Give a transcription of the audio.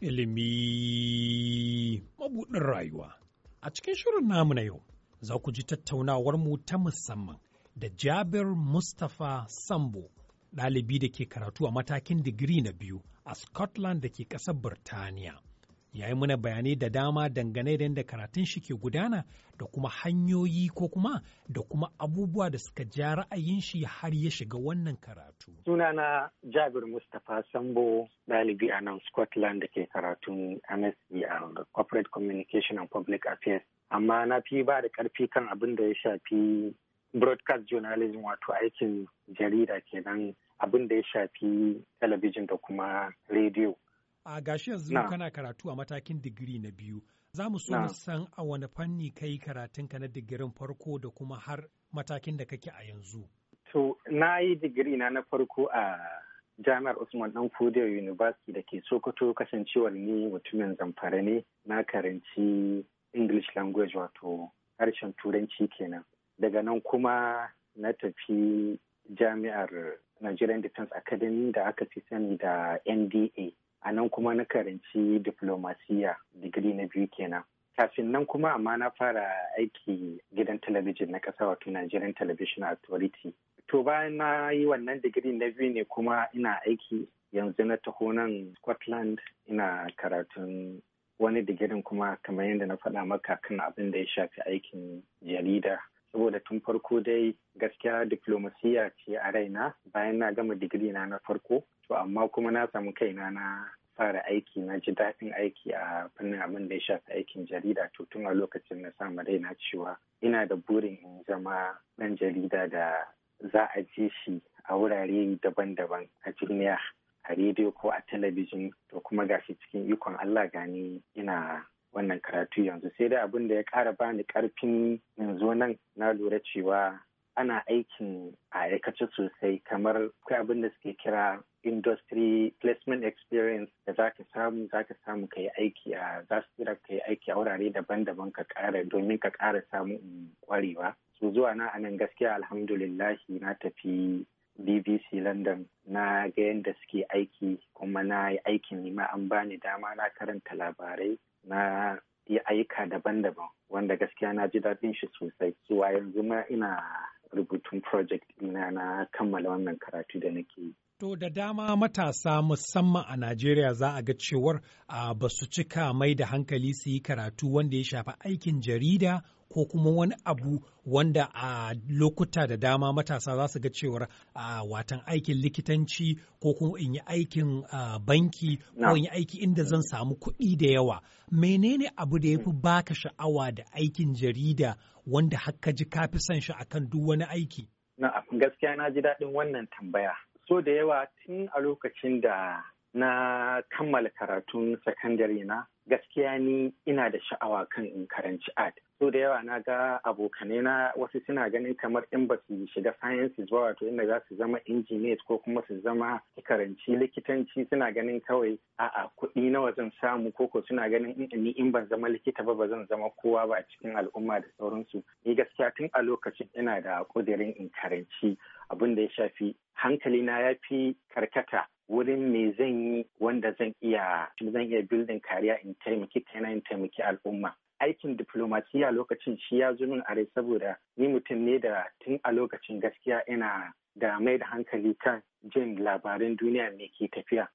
Ilimi mabuɗin rayuwa. A cikin shirin namu na yau, za ku ji tattaunawarmu ta musamman da Jabir Mustapha Sambo, ɗalibi da ke karatu a matakin digiri na biyu a Scotland da ke ƙasar Birtaniya. ya yi mana bayanai da dama dangane da yadda karatun shi ke gudana da kuma hanyoyi ko kuma da kuma abubuwa da suka ja ra'ayin shi har ya shiga wannan karatu. Sunana Jabir Mustapha Sambo dalibi a nan Scotland da ke karatun MSc e a Corporate Communication and Public Affairs. Amma na fi ba da ƙarfi kan abin da ya shafi broadcast journalism wato aikin jarida kenan abin da ya shafi talabijin da kuma rediyo. A gashi yanzu kana karatu a matakin digiri na biyu. Za mu so san a wani fanni ka yi karatunka na digirin farko da kuma har matakin da kake a yanzu. To, na yi digiri na na farko a jami'ar Usman Dan Fodiyo University da ke Sokoto kasancewar ni mutumin zamfara ne na karanci English language wato harshen Turanci kenan. Daga nan kuma na tafi jami'ar Nigerian Defense Academy da aka fi sani da NDA a nan kuma na karanci diplomasiya digiri na biyu kenan kafin nan kuma amma na fara aiki gidan talabijin na ƙasa wato Nigerian Television Authority. To bayan na yi wannan digiri na biyu ne kuma ina aiki yanzu na taho nan Scotland ina karatun wani digirin kuma kamar yadda na faɗa maka kan abin da ya shafi aikin jarida saboda tun farko dai gaskiya diplomasiya ce a raina bayan na gama digiri na na farko to amma kuma na samu kaina na fara aiki na ji daɗin aiki a fannin abin da ya shafi aikin jarida to tun a lokacin na samu raina cewa ina da burin in zama ɗan jarida da za a je shi a wurare daban-daban a duniya a rediyo ko a talabijin to kuma gashi cikin ikon Allah gani ina wannan karatu yanzu sai dai abin da ya kara bani karfin yanzu nan na lura cewa ana aikin a aikace sosai kamar kai abin da suke kira industry placement experience da za ka samu za ka samu ka yi aiki a za su tsira ka yi aiki a wurare daban-daban ka ƙara domin ka kara samun kwarewa. Su zuwa na anan gaskiya alhamdulillahi na tafi BBC London na ga yadda suke aiki kuma na yi aikin nima an bani dama na karanta labarai na yi ayyuka daban-daban wanda gaskiya na ji daɗin shi sosai zuwa yanzu ma ina rubutun project ina na kammala wannan karatu da nake yi To da dama matasa musamman a Najeriya za a ga cewar a ba su cika mai da hankali su yi karatu wanda ya shafi aikin jarida ko kuma wani abu wanda a lokuta da dama matasa za su ga cewar a watan aikin likitanci ko kuma in yi aikin banki ko in yi aiki inda zan samu kuɗi da yawa menene abu da ya fi baka sha'awa da aikin jarida wanda ka ji kafi son shi akan duk wani aiki na gaskiya na ji daɗin wannan tambaya so da yawa tun a lokacin da na kammala karatun sakandare na gaskiya ni ina da sha'awa kan in karanci art so da yawa na ga abokanai na wasu suna ganin kamar in ba su shiga sciences ba wato inda za su zama engineers ko kuma su zama karanci likitanci suna ganin kawai a'a kuɗi nawa zan samu ko ko suna ganin ni in ban zama likita ba ba zan zama kowa ba a cikin al'umma da sauransu ni gaskiya tun a lokacin ina da ƙudirin in karanci abin da ya shafi hankalina ya fi karkata wurin me zan yi wanda zan iya zan iya bildin kariya in taimaki kaina in taimaki al'umma aikin diplomasiya lokacin shi ya zo min are saboda ni mutum ne da tun a lokacin gaskiya ina da mai da hankali kan jin labarin duniya me ke tafiya